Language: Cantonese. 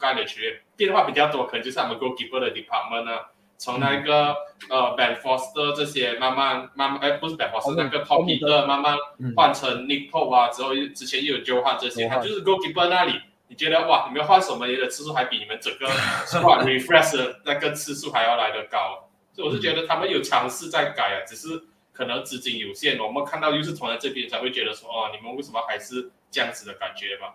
改嘅區變化比較多，可能就是阿 goalkeeper 的 department 啊，從那個，嗯、呃 Ben Foster 這些慢慢慢慢，誒不是 Ben Foster，是不是那個 p o p y e r 慢慢換成 Nick Pope，啊，嗯、之後之前又有交換、oh、這些，他就是 goalkeeper 那裏，你覺得哇，你們換什麼嘢的次數還比你們整個 squad< 嗎 >，refresh 那個次數還要來得高，所以我是覺得他們有嘗試在改啊，嗯、只是可能資金有限，我們看到又是從來這邊，才會覺得說，哦，你們為什麼還是這樣子的感覺吧？